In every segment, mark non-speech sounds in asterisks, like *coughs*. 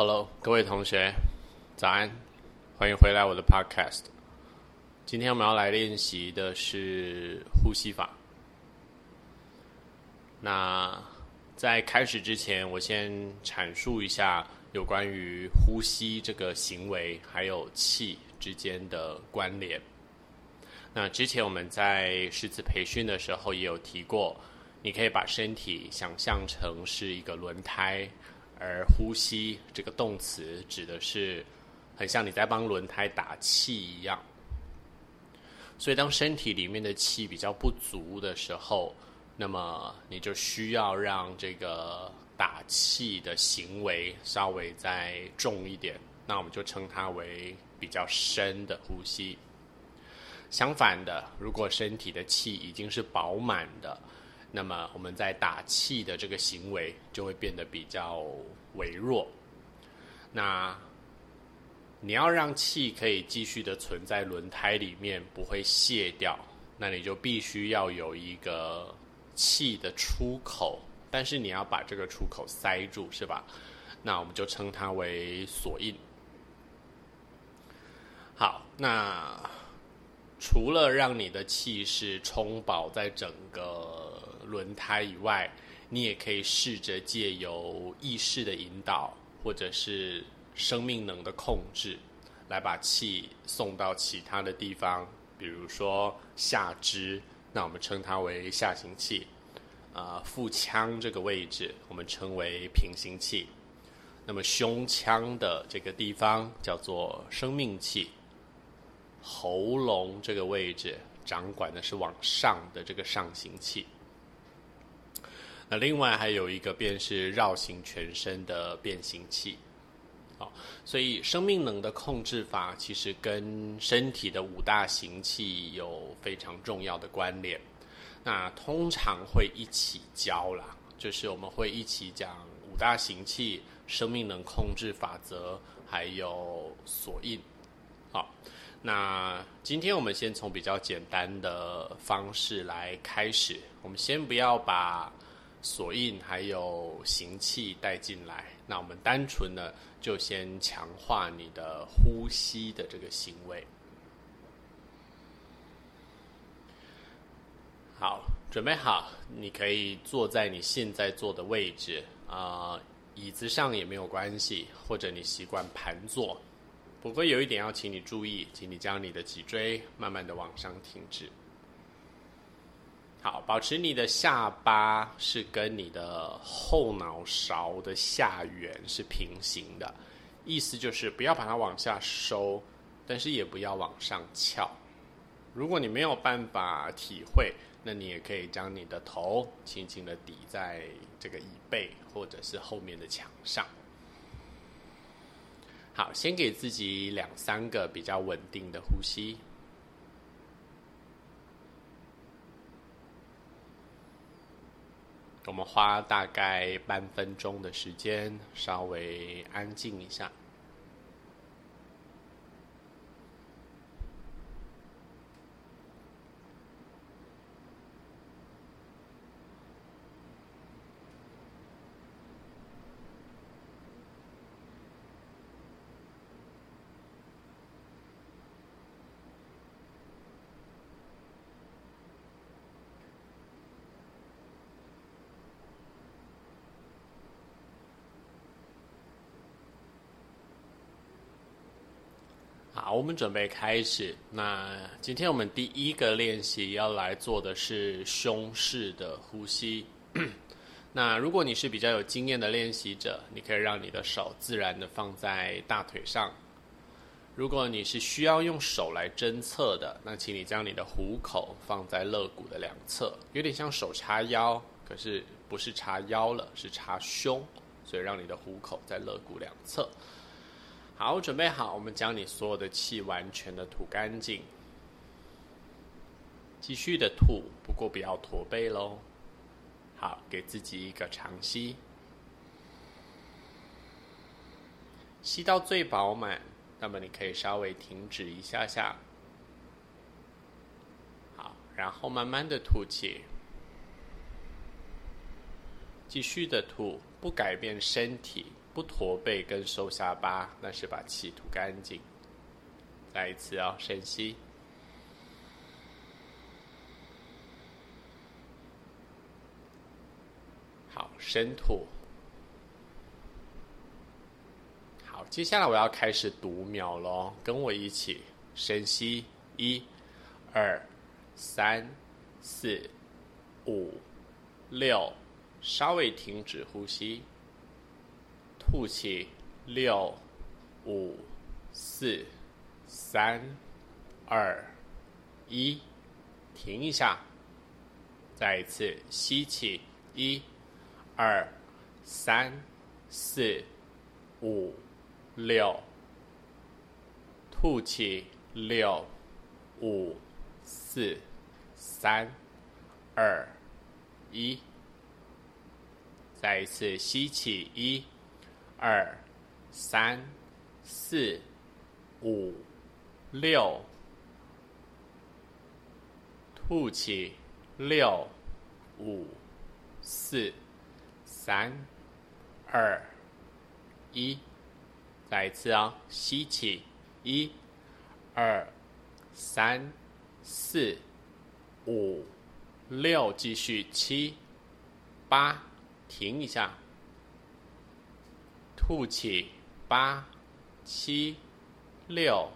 Hello，各位同學，早安，歡迎回來我的 Podcast。今天我們要來練習的是呼吸法。那在開始之前，我先闡述一下有關於呼吸這個行為還有氣之間的關聯。那之前我們在師資培訓的時候也有提過，你可以把身體想象成是一個輪胎。而呼吸這個動詞指的是很像你在幫輪胎打氣一樣，所以當身體裡面的氣比較不足的時候，那麼你就需要讓這個打氣的行為稍微再重一點，那我們就稱它為比較深的呼吸。相反的，如果身體的氣已經是飽滿的。那麼我們在打氣的這個行為就會變得比較微弱。那你要讓氣可以繼續的存在輪胎裡面，不會洩掉，那你就必須要有一個氣的出口，但是你要把這個出口塞住，是吧？那我們就稱它為鎖印。好，那除了讓你的氣是充飽在整個。輪胎以外，你也可以試着借由意識的引導，或者是生命能的控制，來把氣送到其他的地方，比如說下肢，那我們稱它為下行氣；啊、呃，腹腔這個位置，我們稱為平行氣；那麼胸腔的這個地方叫做生命氣；喉嚨這個位置，掌管的是往上的這個上行氣。那另外還有一個便是繞行全身的遍行氣。好，所以生命能的控制法其實跟身體的五大行氣有非常重要的關聯。那通常會一起教啦，就是我們會一起講五大行氣、生命能控制法則，還有鎖印。好，那今天我們先從比較簡單的方式來開始，我們先不要把。鎖印還有行氣帶進來，那我們單純的就先強化你的呼吸的這個行為。好，準備好，你可以坐在你現在坐的位置啊、呃，椅子上也沒有關係，或者你習慣盤坐。不過有一點要請你注意，請你將你的脊椎慢慢的往上挺直。好，保持你的下巴是跟你的後腦勺的下緣是平行的，意思就是不要把它往下收，但是也不要往上翹。如果你沒有辦法體會，那你也可以將你的頭輕輕的抵在這個椅背或者是後面的牆上。好，先給自己兩三個比較穩定的呼吸。我們花大概半分鐘的時間，稍微安靜一下。好，我們準備開始。那今天我們第一個練習要來做的是胸式的呼吸。 *coughs* 那如果你是比較有經驗的練習者，你可以讓你的手自然的放在大腿上。如果你是需要用手來偵測的，那請你將你的虎口放在肋骨的兩側，有點像手叉腰，可是不是叉腰了，是叉胸，所以讓你的虎口在肋骨兩側。好，準備好，我們將你所有的氣完全的吐乾淨，繼續的吐，不過不要駝背嘍。好，給自己一個長吸，吸到最飽滿，那麼你可以稍微停止一下下，好，然後慢慢的吐氣，繼續的吐，不改變身體。不駝背跟收下巴，那是把氣吐乾淨。再一次哦，深吸，好，深吐。好，接下來我要開始讀秒囉，跟我一起深吸，一、二、三、四、五、六，稍微停止呼吸。吐氣，六、五、四、三、二、一，停一下。再一次吸氣，一、二、三、四、五、六。吐氣，六、五、四、三、二、一。再一次吸氣，一。二、三、四、五、六，吐氣，六、五、四、三、二、一，再一次啊、哦！吸氣，一、二、三、四、五、六，繼續七、八，停一下。吐氣，八、七、六、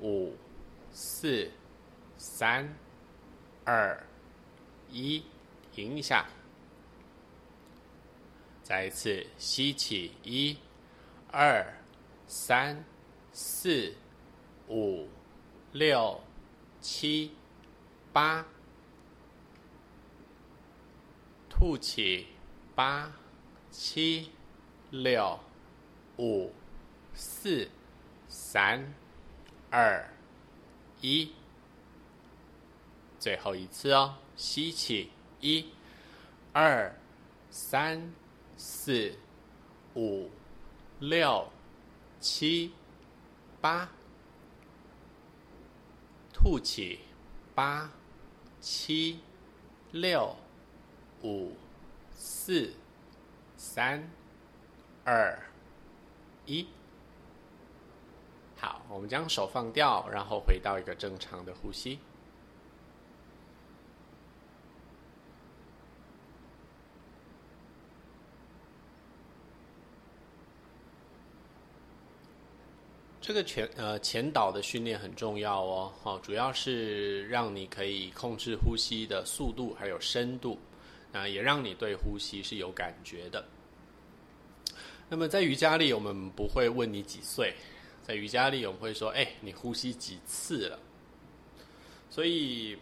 五、四、三、二、一，停一下。再一次吸氣，一、二、三、四、五、六、七、八。吐氣，八、七、六。五、四、三、二、一，最後一次哦，吸氣，一、二、三、四、五、六、七、八，吐氣，八、七、六、五、四、三、二。一，好，我們將手放掉，然後回到一個正常的呼吸。這個前呃前導的訓練很重要哦，哦，主要是讓你可以控制呼吸的速度還有深度，啊、呃，也讓你對呼吸是有感覺的。那麼在瑜伽裡，我們不會問你幾歲，在瑜伽裡我們會說：“哎，你呼吸幾次了？”所以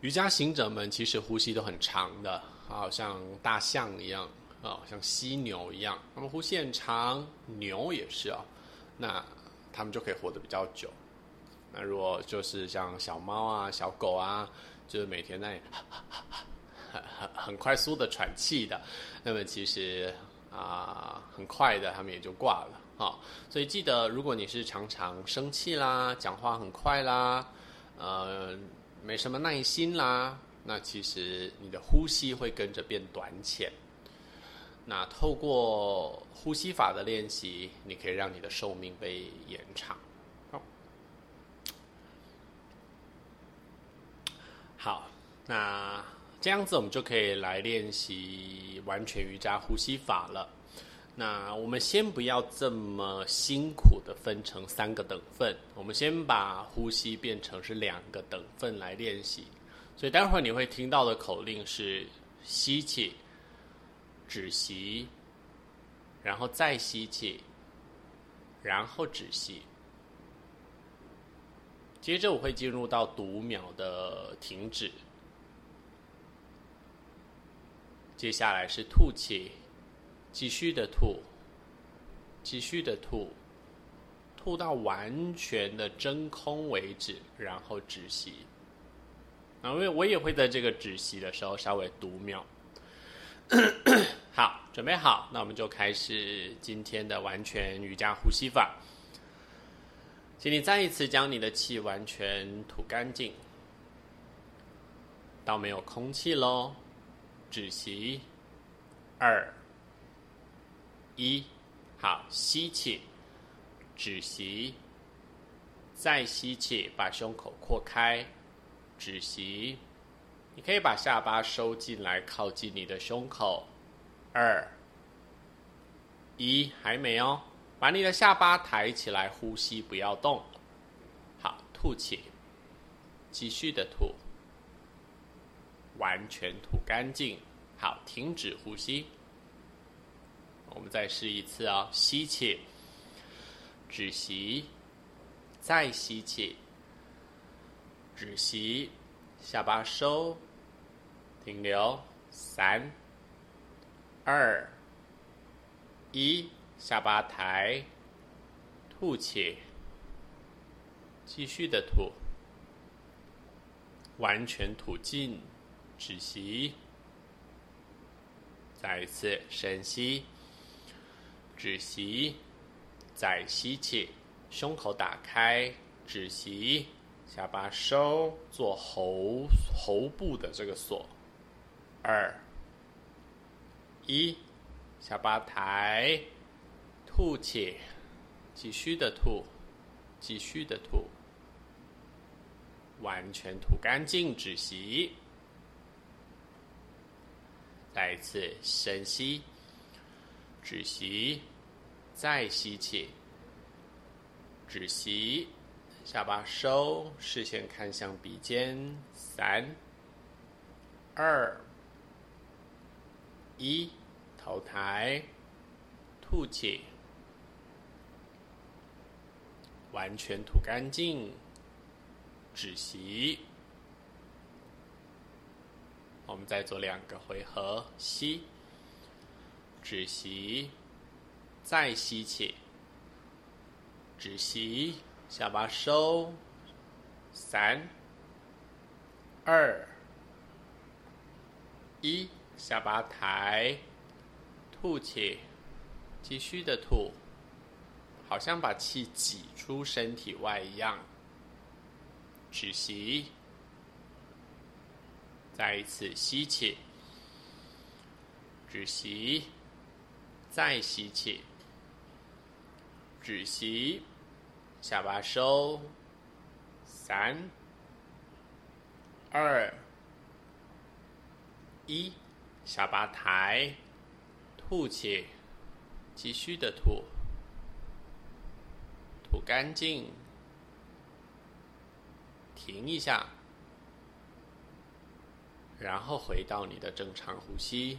瑜伽行者們其實呼吸都很長的，好像大象一樣啊，好像犀牛一樣。那麼呼吸很長，牛也是哦。那他們就可以活得比較久。那如果就是像小貓啊、小狗啊，就是每天在很很快速的喘氣的，那麼其實。啊，uh，很快的，他們也就掛了啊。所以記得，如果你是常常生氣啦、講話很快啦、呃，沒什麼耐心啦，那其實你的呼吸會跟着變短淺。那透過呼吸法的練習，你可以讓你的壽命被延長。好，好，那。這樣子，我們就可以來練習完全瑜伽呼吸法了。那我們先不要這麼辛苦的分成三個等份，我們先把呼吸變成是兩個等份來練習。所以待會兒你會聽到的口令是：吸氣、止息，然後再吸氣，然後止息。接着我會進入到讀秒的停止。接下來是吐氣，繼續的吐，繼續的吐，吐到完全的真空為止，然後止息。那我我也會在這個止息的時候稍微讀秒。 *coughs* 好，準備好，那我們就開始今天的完全瑜伽呼吸法。請你再一次將你的氣完全吐乾淨，到沒有空氣咯。止息，二，一，好，吸氣，止息，再吸氣，把胸口擴開，止息，你可以把下巴收進來，靠近你的胸口，二，一，還沒哦，把你的下巴抬起來，呼吸不要動，好，吐氣，繼續的吐。完全吐乾淨，好，停止呼吸。我們再試一次哦，吸氣，止息，再吸氣，止息，下巴收，停留三二一，下巴抬，吐氣，繼續的吐，完全吐盡。止息，再一次深吸，止息，再吸氣，胸口打開，止息，下巴收，做喉喉部的這個鎖。二一，下巴抬，吐氣，繼續的吐，繼續的吐，完全吐乾淨，止息。再一次深吸，止息，再吸氣，止息，下巴收，視線看向鼻尖，三、二、一，頭抬，吐氣，完全吐乾淨，止息。我們再做兩個回合，吸，止息，再吸氣，止息，下巴收，三、二、一，下巴抬，吐氣，繼續的吐，好像把氣擠出身體外一樣，止息。再一次吸氣，止息，再吸氣，止息，下巴收，三、二、一，下巴抬，吐氣，繼續的吐，吐乾淨，停一下。然後回到你的正常呼吸，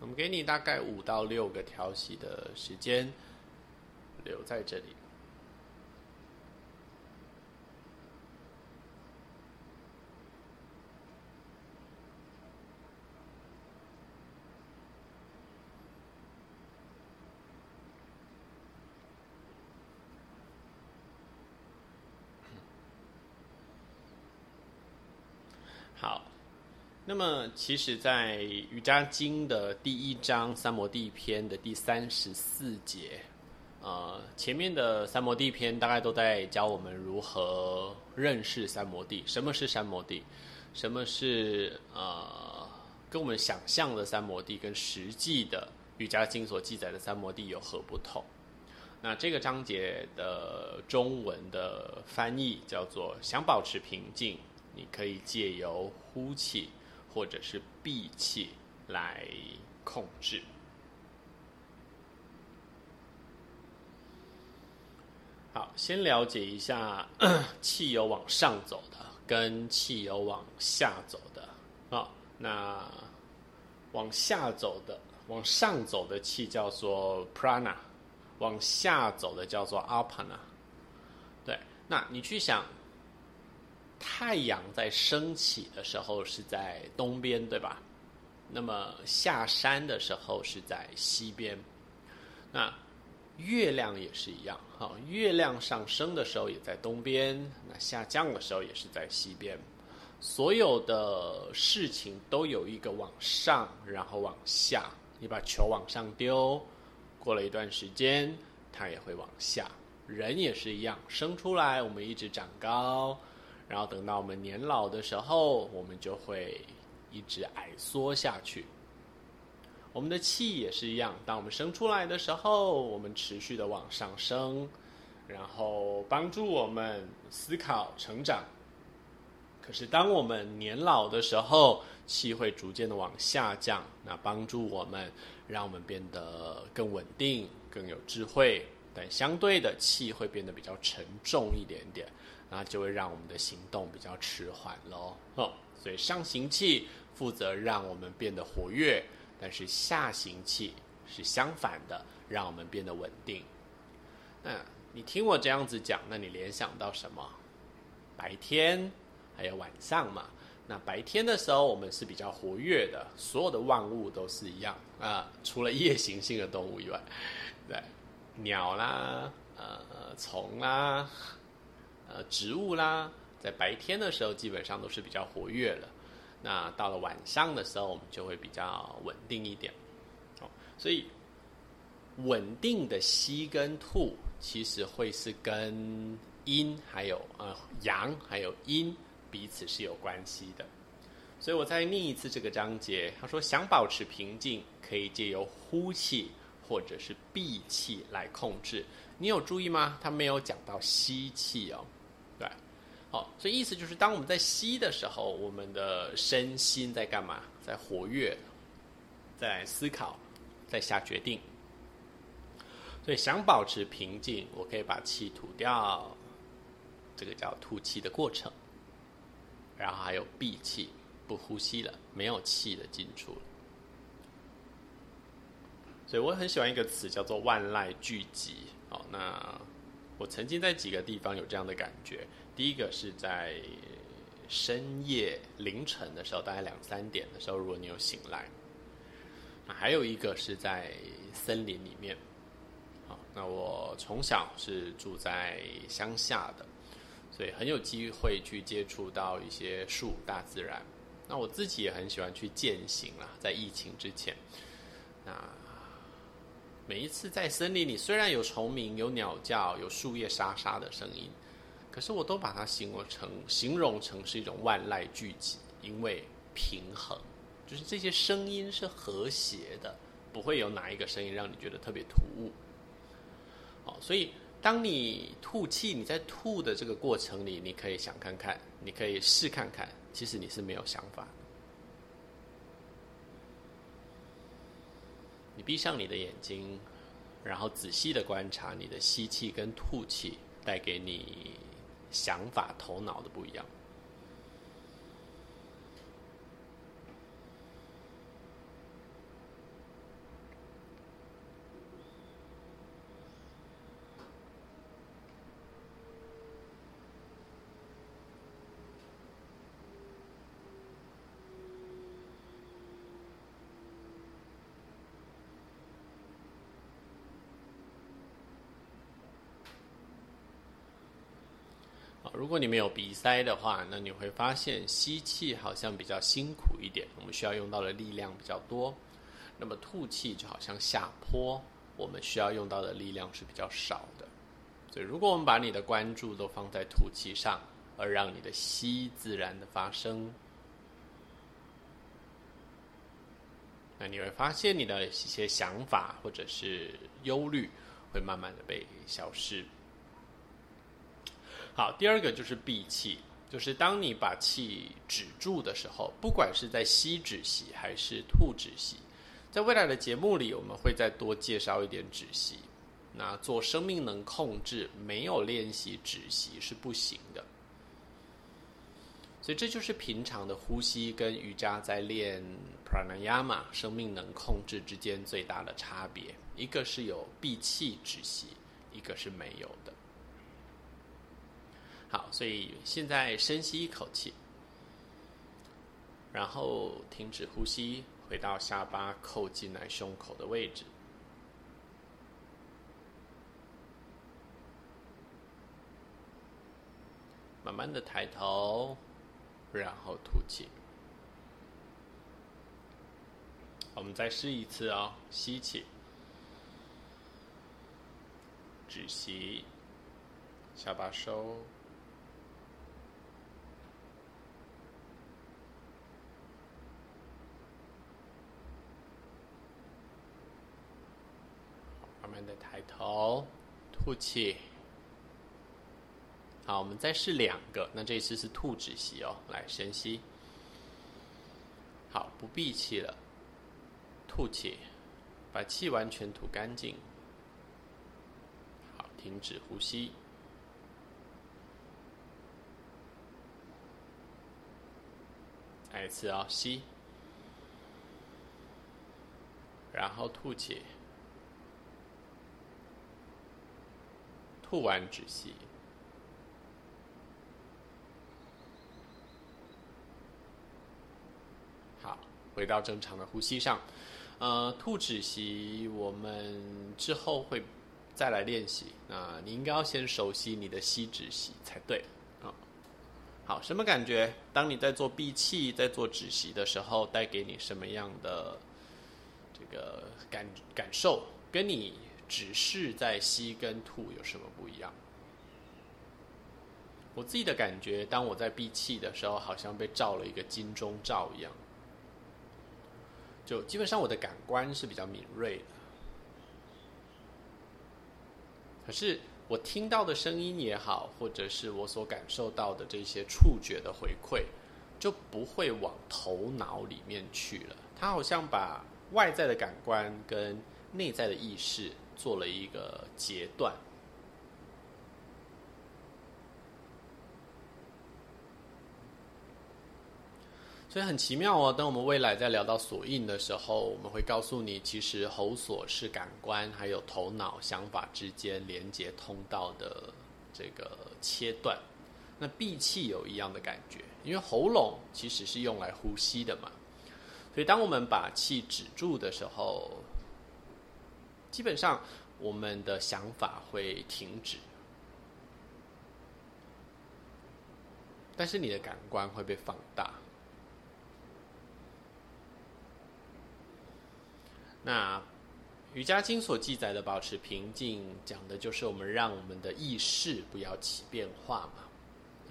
我們給你大概五到六個調息的時間，留在這裡。那麼，其實，在《瑜伽經》的第一章《三摩地篇》的第三十四節，呃，前面的《三摩地篇》大概都在教我們如何認識三摩地，什麼是三摩地，什麼是呃，跟我們想象的三摩地跟實際的《瑜伽經》所記載的三摩地有何不同。那這個章節的中文的翻譯叫做“想保持平靜，你可以借由呼氣”。或者是閉氣來控制。好，先了解一下氣有往上走的跟氣有往下走的啊。那往下走的、往上走的氣叫做 Prana，往下走的叫做 Apana。對，那你去想。太陽在升起的時候是在東邊，對吧？那麼下山的時候是在西邊。那月亮也是一樣，哈、哦，月亮上升的時候也在東邊，那下降的時候也是在西邊。所有的事情都有一個往上，然後往下。你把球往上丟，過了一段時間，它也會往下。人也是一樣，生出來我們一直長高。然後等到我們年老的時候，我們就會一直萎縮下去。我們的氣也是一樣，當我們生出來的時候，我們持續的往上升，然後幫助我們思考、成長。可是當我們年老的時候，氣會逐漸的往下降，那幫助我們，讓我們變得更穩定、更有智慧，但相對的，氣會變得比較沉重一點點。那就會讓我們的行動比較遲緩咯哦，所以上行氣負責讓我們變得活躍，但是下行氣是相反的，讓我們變得穩定。那、呃、你聽我這樣子講，那你聯想到什麼？白天還有晚上嘛？那白天的時候我們是比較活躍的，所有的萬物都是一樣啊、呃，除了夜行性的動物以外，對，鳥啦，呃，蟲啦。呃，植物啦，在白天的時候基本上都是比較活躍了，那到了晚上的時候，我們就會比較穩定一點。哦。所以穩定的吸跟吐，其實會是跟陰還有呃陽還有陰彼此是有關係的。所以我再念一次這個章節，他說，想保持平靜，可以借由呼氣或者是閉氣來控制。你有注意嗎？他沒有講到吸氣哦。好、哦，所以意思就是，當我們在吸的時候，我們的身心在幹嘛？在活躍，在思考，在下決定。所以想保持平靜，我可以把氣吐掉，這個叫吐氣的過程。然後還有閉氣，不呼吸了，沒有氣的進出。所以我很喜歡一個詞叫做“萬籟俱寂”。哦，那我曾經在幾個地方有這樣的感覺。第一個是在深夜凌晨的時候，大概兩三點的時候，如果你有醒來。那還有一個是在森林裡面。那我從小是住在鄉下的，所以很有機會去接觸到一些樹、大自然。那我自己也很喜歡去健行了、啊，在疫情之前。那每一次在森林裡，雖然有蟲鳴、有鳥叫、有樹葉沙沙的聲音。可是我都把它形容成、形容成是一種萬籟俱寂，因為平衡，就是這些聲音是和諧的，不會有哪一個聲音讓你覺得特別突兀。好，所以當你吐氣，你在吐的這個過程裡，你可以想看看，你可以試看看，其實你是沒有想法。你閉上你的眼睛，然後仔細的觀察你的吸氣跟吐氣，帶給你。想法、頭腦的不一樣。如果你沒有鼻塞的話，那你會發現吸氣好像比較辛苦一點，我們需要用到的力量比較多。那麼吐氣就好像下坡，我們需要用到的力量是比較少的。所以，如果我們把你的關注都放在吐氣上，而讓你的吸自然的發生，那你會發現你的一些想法或者是憂慮會慢慢的被消失。好，第二個就是閉氣，就是當你把氣止住的時候，不管是在吸止息還是吐止息，在未來的節目裡我們會再多介紹一點止息。那做生命能控制，沒有練習止息是不行的。所以這就是平常的呼吸跟瑜伽在練 pranayama 生命能控制之間最大的差別，一個是有閉氣止息，一個是沒有。好，所以現在深吸一口氣，然後停止呼吸，回到下巴扣進來胸口的位置，慢慢的抬頭，然後吐氣。我們再試一次哦，吸氣，止息，下巴收。抬頭，吐氣。好，我們再試兩個。那這次是吐止息哦，來深吸。好，不閉氣了，吐氣，把氣完全吐乾淨。好，停止呼吸。再一次哦，吸，然後吐氣。吐完止息，好，回到正常的呼吸上。呃，吐止息我們之後會再來練習。那、呃、你應該要先熟悉你的吸止息才對。啊、嗯，好，什麼感覺？當你在做閉氣、在做止息的時候，帶給你什麼樣的這個感感受？跟你。只是在吸跟吐有什麼不一樣？我自己的感覺，當我在閉氣的時候，好像被照了一個金鐘罩一樣。就基本上我的感官是比較敏銳的，可是我聽到的聲音也好，或者是我所感受到的這些觸覺的回饋，就不會往頭腦裡面去了。它好像把外在的感官跟內在的意識做了一個截斷，所以很奇妙哦。等我們未來再聊到鎖印的時候，我們會告訴你，其實喉鎖是感官還有頭腦想法之間連接通道的這個切斷。那閉氣有一樣的感覺，因為喉嚨其實是用來呼吸的嘛。所以當我們把氣止住的時候。基本上，我們的想法會停止，但是你的感官會被放大。那瑜伽經所記載的保持平靜，講的就是我們讓我們的意識不要起變化嘛。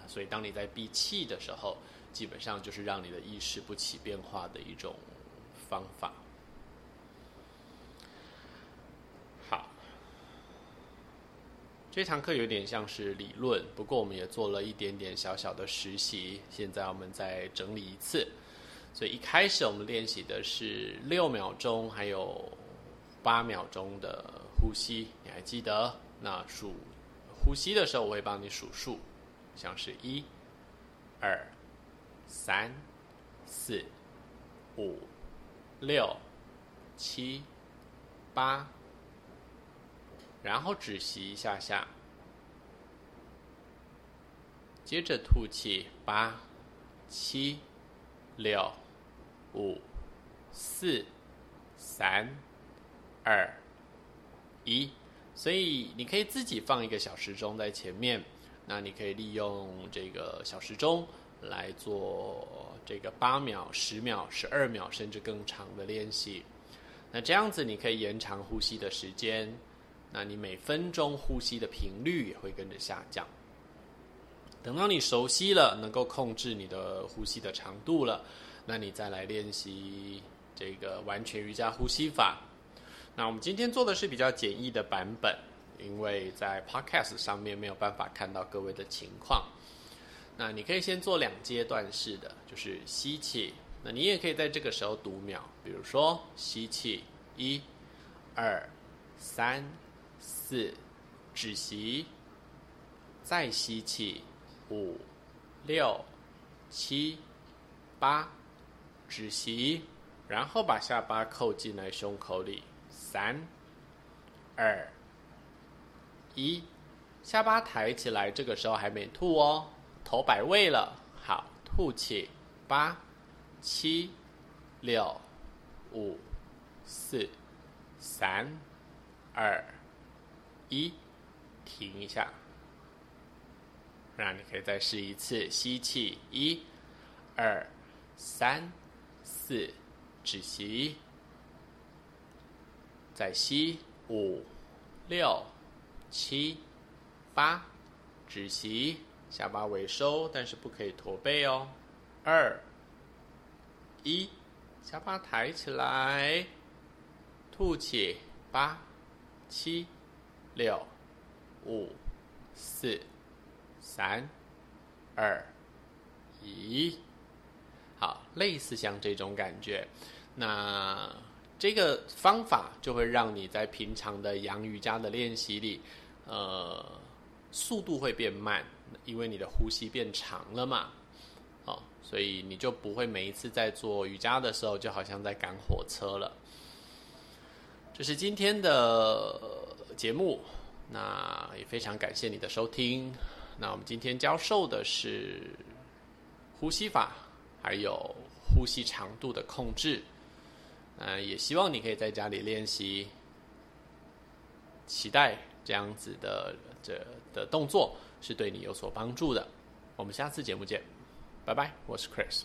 所以，當你在閉氣的時候，基本上就是讓你的意識不起變化的一種方法。這堂課有點像是理論，不過我們也做了一點點小小的實習。現在我們再整理一次，所以一開始我們練習的是六秒鐘，還有八秒鐘的呼吸。你還記得？那數呼吸的時候，我會幫你數數，像是：一、二、三、四、五、六、七、八。然後止息一下下，接着吐氣，八七六五四三二一。所以你可以自己放一個小時鐘在前面，那你可以利用這個小時鐘來做這個八秒、十秒、十二秒，甚至更長的練習。那這樣子你可以延長呼吸的時間。那你每分鐘呼吸的頻率也會跟着下降。等到你熟悉了，能夠控制你的呼吸的長度了，那你再來練習這個完全瑜伽呼吸法。那我們今天做的是比較簡易的版本，因為在 Podcast 上面沒有辦法看到各位的情況。那你可以先做兩階段式的，就是吸氣。那你也可以在這個時候讀秒，比如說吸氣，一、二、三。四，止息，再吸氣，五、六、七、八，止息，然後把下巴扣進來，胸口裡。三、二、一，下巴抬起來。這個時候還沒吐哦，頭擺位了。好，吐氣，八、七、六、五、四、三、二。一，停一下，那你可以再試一次。吸氣，一、二、三、四，止息；再吸，五、六、七、八，止息。下巴微收，但是不可以駝背哦。二、一，下巴抬起來，吐氣，八、七。六、五、四、三、二、一，好，類似像這種感覺。那這個方法就會讓你在平常的陽瑜伽的練習裡，呃，速度會變慢，因為你的呼吸變長了嘛。哦，所以你就不會每一次在做瑜伽的時候，就好像在趕火車了。這，就是今天的。節目，那也非常感謝你的收聽。那我們今天教授的是呼吸法，還有呼吸長度的控制。嗯，也希望你可以在家裡練習，期待這樣子的這的,的動作是對你有所幫助的。我們下次節目見，拜拜，我是 Kris。